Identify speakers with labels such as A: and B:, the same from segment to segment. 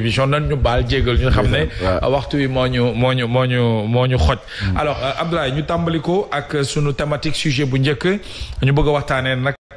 A: émission nan ñu baal jégal ñu xam ne waxtu wi moo ñu moo ñu moo ñu moo ñu xoj mm. alors euh, Abdoulaye ñu tàmbali ko ak sunu thématique sujet bu njëkk ñu bëgg a waxtaanee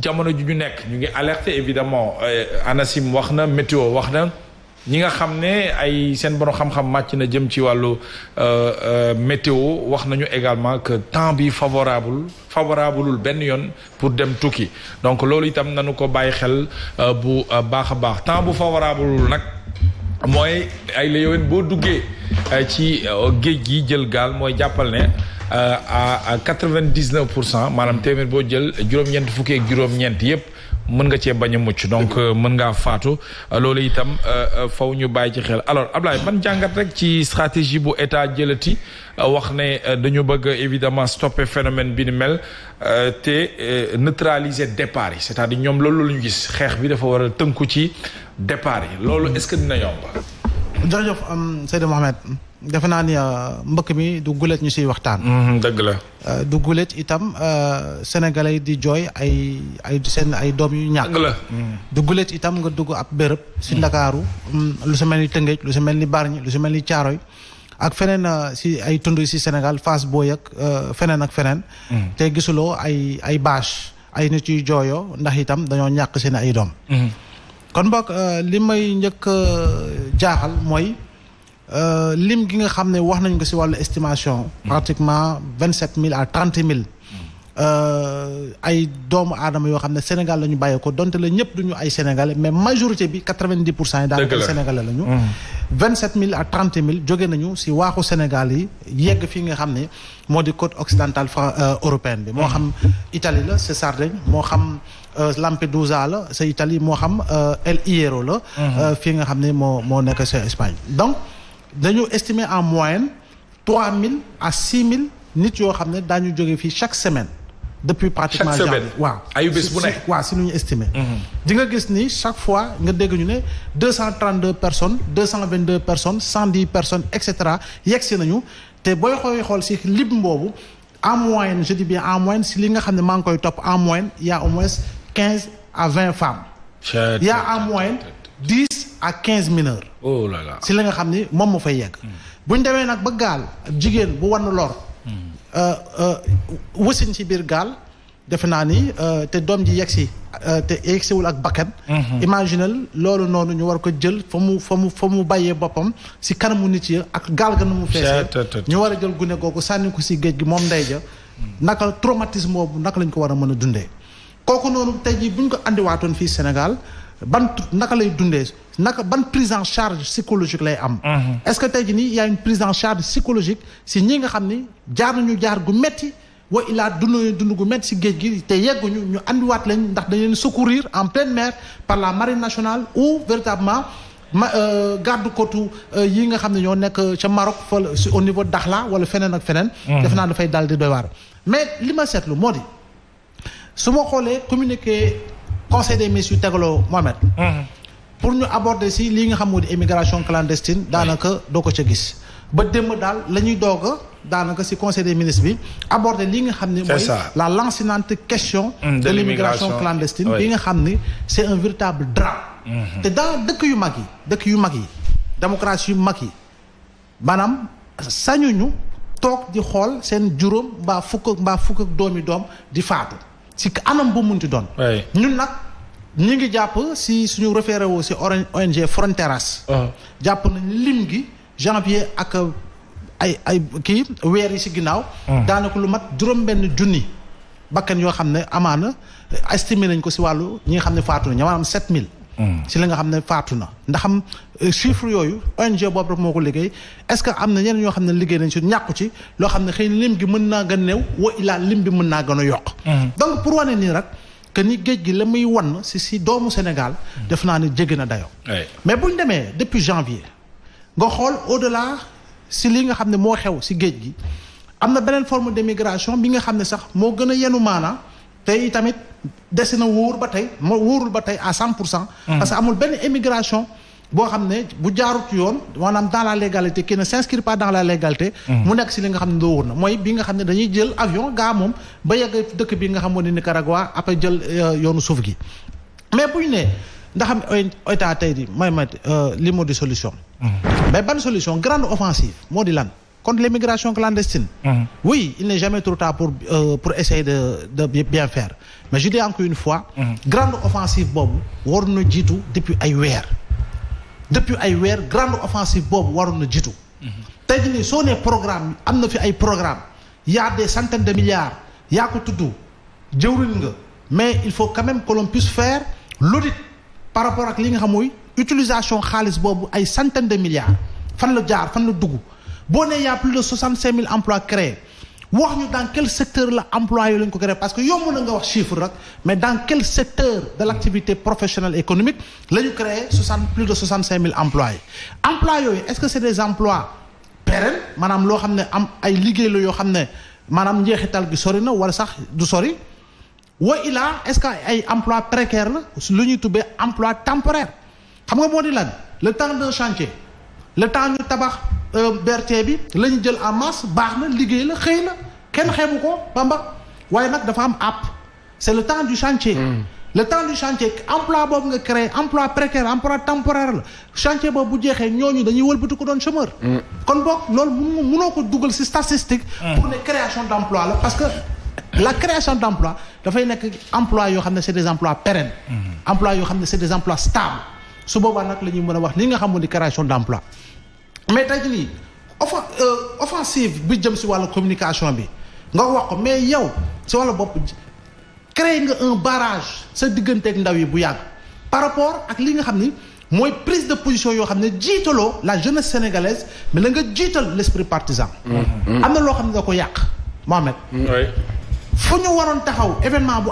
A: jamono ji ñu nekk ñu ngi alerté évidemment euh, ANACIM wax na météo wax na ñi nga xam ne ay seen borom xam-xam màcc na jëm ci wàllu euh, euh, météo wax nañu également que temps bi favorable favorableul benn yoon pour dem tukki donc loolu itam nañu ko bàyyi xel bu baax a baax temps bu favorableul nag mooy ay la yowén boo duggee ci géej gi jël gaal mooy jàppal ne Euh, à 99%, quatre-vingt-dix-neuf pour cent jël fukki ak mën nga mucc donc euh, mën ngaa faatu euh, lolé itam faw ñu bay ci xel alors Ablaye ban jangat rek ci stratégie bu état jëlati wax né dañu bëgg évidemment stopper phénomène bi ni mel té neutraliser départ c'est-à-dire ñom lolou luñu gis xex bi dafa wara teunku ci départ lolou est-ce que dina yomb.
B: am Seydou Mohamed. defe naa ni euh, mbëkk mi du gulet ñu siy waxtaan. Mm-hmm, dëgg la. Euh, du gulet itam euh, sénégalais di jooy ay ay seen ay doom yu ñàkk. la. Mm. du gulet itam nga dugg ab bërëb. si mm. ndakaaru mm, lu si mel ni Tëngéej lu si mel ni Bargny lu si mel ni Caaroy ak feneen si ay tund si Sénégal Fass Boye ak feneen ak feneen. te gisuloo ay ay bâche ay nit yuy jooyoo ndax itam dañoo ñàkk seen ay doom. Mm-hmm. kon boog li njëkk jaaxal mooy. Euh, lim gi nga xam ne wax nañ ko si wàllu estimation. pratiquement vingt sept mille à trente mille. Euh, ay doomu aadama yoo xam ne Sénégal la ñu bàyyi ko donte la ñëpp duñu ay Sénégalais mais majorité bi quatre vingt dix pour cent yi. daal Sénégalais la ñu. Mm. vingt sept mille à trente mille jóge nañu si waaxu Sénégal yi yegg fi nga xam ne moo di côte occidentale fra euh, européenne bi. moo xam mm. Italie la c'est Sardaigne moo xam. Lampedusa la sa Italie moo xam El Hierro la. Mm-hmm. fi nga xam ne moo moo nekk sa Espagne donc nous estimons en moyenne 3000 à 6000 nit yo xamné dañu été fi chaque semaine depuis pratiquement chaque semaine wa ayu bes bu né si nous mhm. chaque fois nga 232 personnes 222 personnes 110 personnes etc yexé nañu que nous xoy xol en moyenne je dis bien en moyenne si li nga xamné mang en moyenne il y a au moins 15 à 20 femmes il y a en moyenne 10 ak quinze mineurs. oh si la nga xam ni moom moo fay yegg. bu ñu demee nag ba gaal jigéen bu wan lor. Hmm. Euh, euh, wasin ci biir gaal defe naa ni euh, te doom ji yegg si te yegg siwul ak bakkan. Hmm. imaginal loolu noonu ñu war ko jël fa mu fa mu fa mu bàyyee boppam si kanamu nit yi ak gaal ga nu mu feesee. ñu war a jël gune googu sànni ko si géej gi moom ndey ja hmm. naka traumatisme boobu naka lañ ko war a mën a dundee. kooku noonu tey jii bu ko andiwaatoon fii Sénégal bant naka lay dundee naka ban prise en charge psychologique lay am. Mhm. est ce que tey jii il y' a une prise en charge psychologique si ñi nga xamni jaar nañu jaar gu metti wa ila dund dund gu metti si géej gi te yegguñu ñu wat lañ ndax dañu leen secourir en pleine mer par la marine nationale ou véritablement. ma euh, garde côte euh, yi nga xamni ñoo nek euh, ci Maroc au niveau Dakhla wala fenen ak fenen mhm. def naa fay daal di doy war mais lima setlu modi suma xolé communiquer conseil des ministres yu Mohamed. Mhm pour nous aborder si l'immigration immigration clandestine dans doo ko gis ba dal lañuy doga danaka conseil des ministres aborder li la lancinante question mm, de l'immigration clandestine bi nga xam un véritable drame mm-hmm. te dans dëkk yu yu démocratie di doomi di faatu anam ñun ñi ngi jàpp si suñu référé woo si ONG Fronteras. Ah. jàpp nañ lim gi janvier ak ay ay kii weer yi si ginnaaw. Ah. daanaka lu mat juróom-benn junni bakkan yoo xam ne amaana estimé nañ ko si wàllu ñi nga xam ne faatu nañ maanaam 7000. Ah. si la nga xam ne faatu na ndax am euh, chiffre yooyu ONG boobu rek moo ko liggéey est-ce que am na ñeneen ñoo xam ne liggéey nañ si ñàkku ci loo xam ne xëy lim gi mën naa gën a néew wa lim bi mën naa gën a yokk. donc pour wane nii rek. que ni geej gi la won ci ci doomu Sénégal def naa ni jéggi na dayoo. mais bu ñu demee depuis janvier nga xool au delà si li nga xam ne moo xew si géej gi am na beneen forme de migration bi nga xam ne sax moo gën a yenu maanaa te itamit dese na wóor ba tey moo wóorul ba tey à cent pour cent mm. parce que amul benn émigration bo xamné ne bu jaarut yoon manam dans la légalité qui ne s'inscrit pas dans la légalité mhm. mu nek ci li nga xamné ne wourna moy bi nga xamné dañuy jël avion ga mom ba yegg dëkk bi nga xam Nicaragua après jël euh, yoonu souf gi mais buñ né ne ndax am état tey di may euh li moo solution mhm. mais ban solution grande offensive moo lan contre l'immigration clandestine mhm. oui il n'est jamais trop tard pour euh, pour essayer de de bien faire mais je dis encore une fois grande offensive boobu war na jiitu depuis ay wèr depuis ay grande offensive bob warun na jiitu. on a un programme amna fi ay programme y a des centaines de milliards ya ko nga mais il faut quand même que l'on puisse faire l'audit par rapport à li nga xam utilisation khalis bob ay centaines de milliards fan la jaar fan la dugg bon y a plus de 65 000 emplois créés dans quel secteur l'emploi est lañ créé parce que yomb na nga chiffre mais dans quel secteur de l'activité professionnelle professionnelle économique la plus de 65 000 emplois. Emplois emploi est ce que c'est des emplois pérennes madame loo xam am ay du est ce que ay emploi précaire la précaires ou des emploi temporaire Comment nga moo le temps de chantier le temps ñu tabax euh, BRT bi lañu ñu jël en masse baax na liggéey la xëy na kenn xeebu ko bamba waaye nag dafa am app c'est le temps du chantier mm. le temps du chantier emploi boobu nga créé emploi précaire emploi temporaire la chantier boobu bu jeexee ñooñu dañuy wëlbatu ko doon chômeur mm. kon boog loolu mun munoo ko dugal ci statistique mm. pour ne création d'emploi la parce que la création d'emploi dafay nekk emploi yoo xam ne c'est des emplois pérennes emploi yoo xam ne c'est des emplois stables su boobaa nag la a wax nga mais euh, offensive bi jëm communication bi nga wax mais yow si wàllu un barrage sa digganteeg ndaw yi bu par rapport ak li nga ni prise de position yoo xam ne la jeunesse sénégalaise mais la nga jiital l' partisan. Mm-hmm. am na loo que da ko yàq Mohamed. Mm-hmm. fu ñu waroon événement bu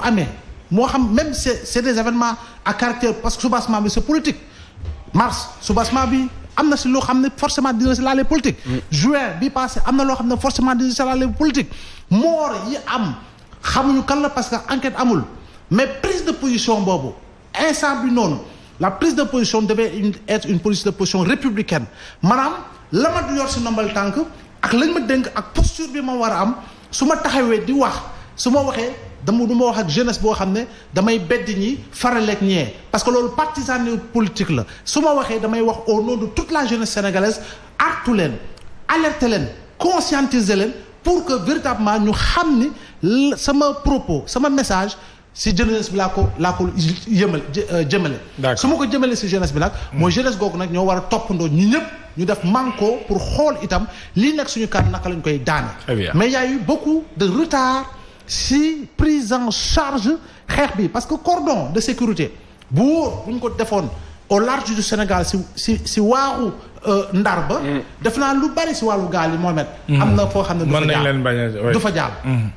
B: moi, même c'est des événements à caractère parce que ce bi c'est politique mars ce bi amna ci lo xamne forcément dina les politiques. politique juin bi passé amna lo xamne forcément dina si laale politique moor yi am xamuñu kan la parce que enquête amul mais prise de position Bobo, instant bi non. la prise de position devait être une prise de position républicaine manam la ma yor si nombal tank ak lañ ma dénk ak posture bi ma wara am suma ma di wax suma waxé dama wax ak jeunesse boo xam ne damay bedd ñi faraleeg ñee parce que loolu partisan politique la su ma waxee damay wax au nom de toute la jeunesse sénégalaise artu leen alerter leen conscientiser leen pour que véritablement ñu xam ni sama propos sama message si jeunesse bi laa ko laa ko yëmal euh, jëmale su ma ko jëmale si jeunesse bi nag mooy hmm. jeunesse googu nag ñoo war a toppandoo ñu ñëpp ñu def manko pour xool itam lii nag suñu kan naka lañ koy daane mais y a eu beaucoup de retard si prise en charge xeex bi parce que cordon de sécurité bu wóor ko defoon au large du Sénégal si si si waaxu euh, ndarba ba. Mm. def lu bari si walu gal yi Mohamed. Mm. amna na foo du fa jàll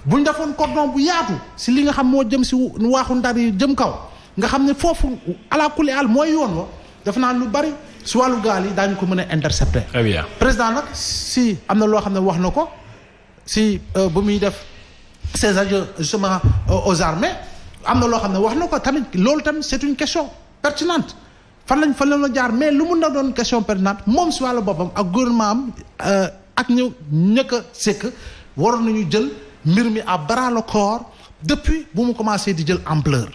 B: du fa mm. cordon bu yaatu si li nga xam mo jëm si waaxu ndar yi jëm kaw nga xamne fofu ala kulli al moy yoon wa def lu bari si walu gal yi dañ ko intercepter. très bien président nak si amna lo xamne wax nako ko si euh, bu muy def ces ajustements aux armées c'est une question pertinente fan mais lu monde na doon question pertinente moom si le ak gouvernement am euh, a dit nañu jël bras le corps depuis bu mu commencé ampleur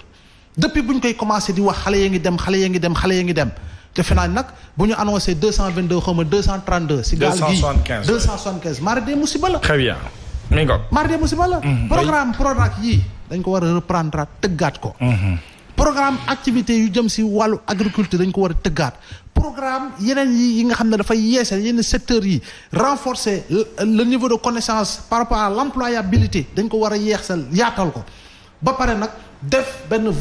B: depuis vous koy commencé di wax ya dem ya dem ya dem te annoncé très bien. mi ngi ko mardi musiba la. Mm-hmm. programme Prodac yii dañ ko war a reprendre tëggaat ko. Mm-hmm. programme activité yu jëm si wàllu agriculture dañ ko war a tëggaat programme yeneen yi nga xam ne dafay yeesal yenn secteurs yi renforcer le niveau de connaissance par rapport a l'employabilité dañ ko war a yeesal yaatal ko ba pare nag def benn euh,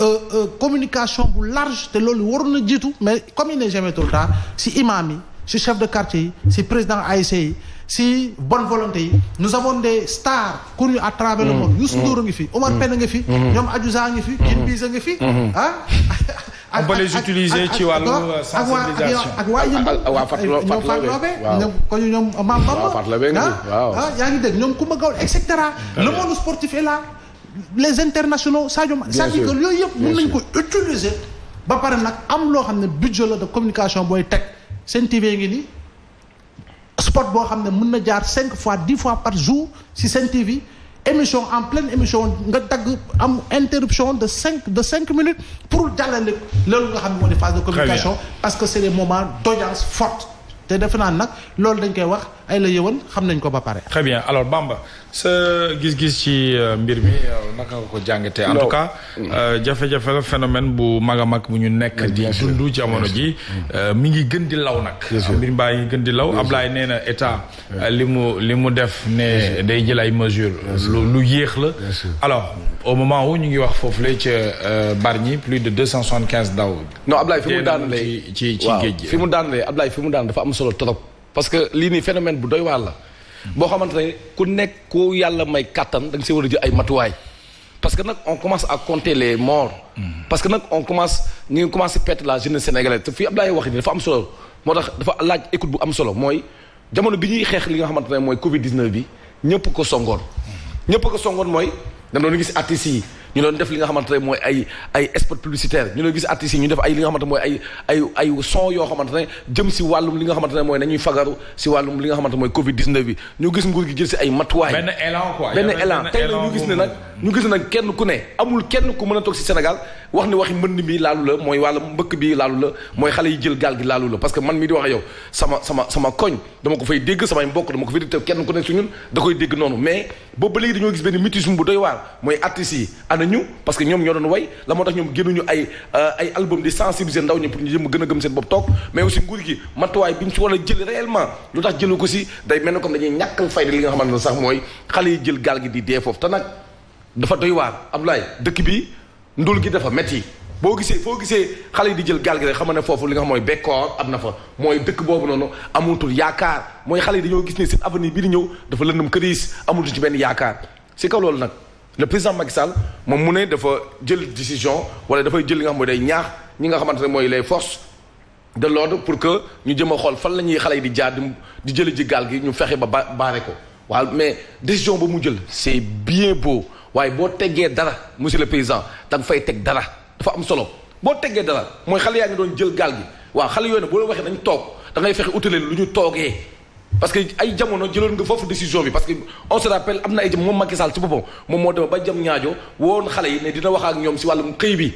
B: euh, communication bu large te loolu waroon na jiitu mais comme il n'est jamais si imam yi si chef de quartier yi si président ASC e yi si bonne volonté nous avons des stars courus à travers le mm. monde Youssou mm. Ndour ngi fi Omar mm. ngi fi ñom ngi fi ah
C: on peut les utiliser ci walu sensibilisation les utiliser ngi
B: ah, ah, le monde sportif est là les internationaux ça ça que ko utiliser ba paré nak am budget la de communication boy TV ngi spot boo xam na 5 fois 10 fois par jour si seen TV émission en pleine émission nga interruption de 5 minutes pour challenger le nga xam ne de communication parce que c'est est des moments d'audience forte dañ ay la
A: xam nañ ko ba très bien alors Bamba ce gis-gis ci euh, mbir mi euh, en tout cas euh, jafe phénomène bu mag bu ñu nekk. di jamono ji. Mm-hmm. mi ngi gën di law def ne day jël ay alors au moment où ñu ngi wax foofu plus de 275 daw. non Ablaye fi ci
C: ci parce que lii nii phénomène bu doy waar la boo xamante ne ku nekk ku yàlla may kàttan da si war a jël ay matuwaay parce que nag on commence à compter les morts. Hmm. parce que nag on commence ñu ngi commencé perdre la jeunesse sénégalaise te fii Abdoulaye wax nii dafa am solo moo tax dafa laaj écoute bu am solo mooy jamono bi ñuy xeex li nga xamante ne mooy Covid 19 bi ñëpp ko songoon. ñëpp ko songoon mooy dama doon gis artistes yi. ñu doon def li nga xamante ne mooy ay ay spot publicitaire ñu doon gis artistes yi ñu def ay li nga xamante ne mooy ay ay ay son yoo xamante ne jëm si wàllum li nga xamante ne mooy nañuy fagaru si wàllum li nga xamante mooy Covid 19 bi ñu gis nguur gi jël si ay matuwaay. benn
A: élan quoi benn élan tey nag ñu gis ne nag
C: ñu gis ne nag kenn ku ne amul kenn ku mën a toog si Sénégal wax ni waxi mbënd mi laalu la mooy wàllum mbëkk bi laalu la mooy xale yi jël gaal gi laalu la parce que man mi di wax yow sama sama sama koñ dama ko fay dégg samay mbokk dama ko fay dégg kenn ku ne su ñun da koy dégg noonu mais boobu ba léegi dañoo gis benn mutisme bu doy waar mooy artistes yi ñu parce que ñoom ñoo doon way la moo tax ñoom génnuñu ay euh, ay album di sensibiliser ndaw ñi pour ñu jëm gën a gëm seen bopp toog mais aussi nguur gi matuwaay bi ñu si war a jël réellement lu tax jëlu ko si day mel ne comme dañuy ñàkk fayda li nga xamante ne sax mooy xale yi jël gaal gi di dee foofu te nag dafa doy waar Abdoulaye dëkk bi ndul gi dafa metti boo gisee foo gisee xale yi jël gaal gi rek ne foofu li nga xam mooy bekkoor am na fa mooy dëkk boobu noonu amutul yaakaar mooy xale yi dañoo gis ne seen avenir bi di ñëw dafa lëndëm këriis amutul ci benn yaakaar si kaw loolu nag le président Macky Sall moom dafa décision wala dafay jël nga les forces de l'ordre pour que ñu jëma a fan lañuy xalé di di jël ji gal gi ñu ba ko mais décision bu mu jël c'est bien beau waye bo téggé dara monsieur le président da fay dara dafa am solo te téggé dara moy xalé ya doon jël gal gi waxé dañu da ngay parce que ay jamono jëlone nga fofu décision bi parce que on se rappelle amna ay mom Macky Sall ci boppam mom moo dem ba jam ñaajo won xalé yi ne dina wax ak ñom si walum xey bi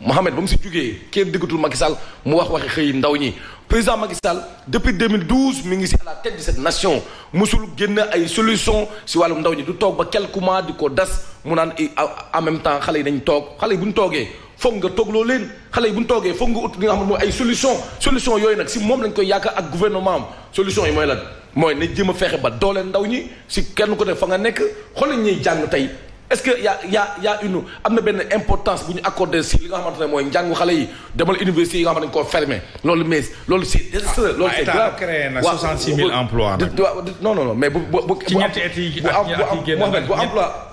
C: Mohamed bam mu si jugee kenn déggatul Macky Sall mu wax waxi xey ndaw ñi président Macky Sall depuis 2012 mi ngi ci à la tête de cette nation musul génn ay solution si walum ndaw ñi du tok ba quelques mois diko das mu nan en même temps xalé yi dañ tok xalé yi togué foog nga toogloo leen xale yi bu ñu toogee foog nga ut li nga xam ne mooy ay solution solution yooyu nag si moom lañ koy yaakaar ak gouvernement am solution yi mooy lan mooy na jéem a fexe ba dooleel ndaw ñi si kenn ku def fa nga nekk xoolal ñuy jàng tey est-ce qu'il y' a y' a une importance pour vous si li nga xamantene moy mooy xalé yi demal université nga ko fermé mais ah, créé 66 emplois non non non mais bu bu ci emploi.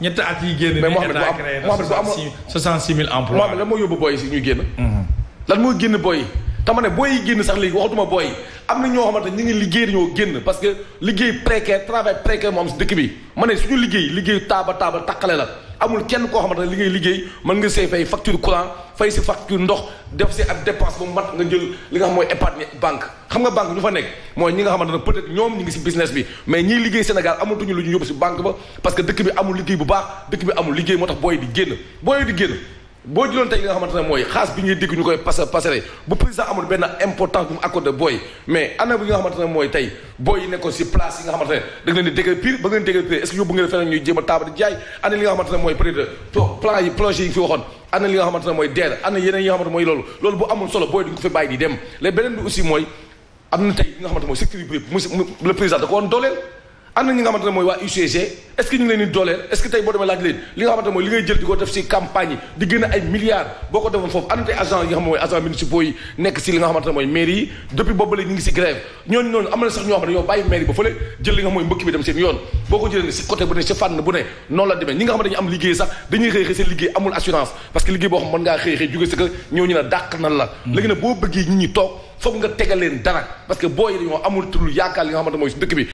C: mais am 66 000 emplois. je ne pas si vous génn. Mhm. lan te ma ne booy yi génn sax léegi waxatuma booy yi am na ñoo xamante ñu ngi liggéey dañoo génn parce que liggéey précaire travail précaire moo am si dëkk bi ma ne suñu liggéey liggéey taaba taaba takkale la amul kenn koo xamante ne li ngay liggéey mën nga see fay ndox def si nga jël li nga xam mooy épargne banque xam nga banque ñu fa nekk mooy ñi nga xamante ne peut-être ñoom ñi ngi si business bi mais ñiy liggéey Sénégal amatuñu lu ñu yóbbu si banque ba parce que dëkk bi amul liggéey bu baax dëkk bi amul liggéey moo tax booy di génn booy di génn boo jëloon tey li nga xamante mooy xaas bi ngay dégg ñu koy pasa pasare bu président amul benn importance bu mu accordé booy mais ana bi nga xamante mooy tey booy yi nekkoon si place yi nga xamante ne a taabal jaay ana li nga xamante ne mooy peut être yi nga xamante mooy deer ana yeneen yi nga xamante mooy loolu loolu bu amul solo booy duñ ko fi bàyyi di dem léegi beneen bi aussi mooy am na tey li nga xamante ne mooy secteur bi le président da ko am na ñi nga xamante ne mooy waa UCG est-ce que ñu ngi leen di dooleel est-ce que tey boo demee laaj leen a ay milliards na tey léegi na boo ko ñu ñi toog foog nga tegal dara parce que booy dañoo amul yaakaar li nga xamante mooy ci dëkk bi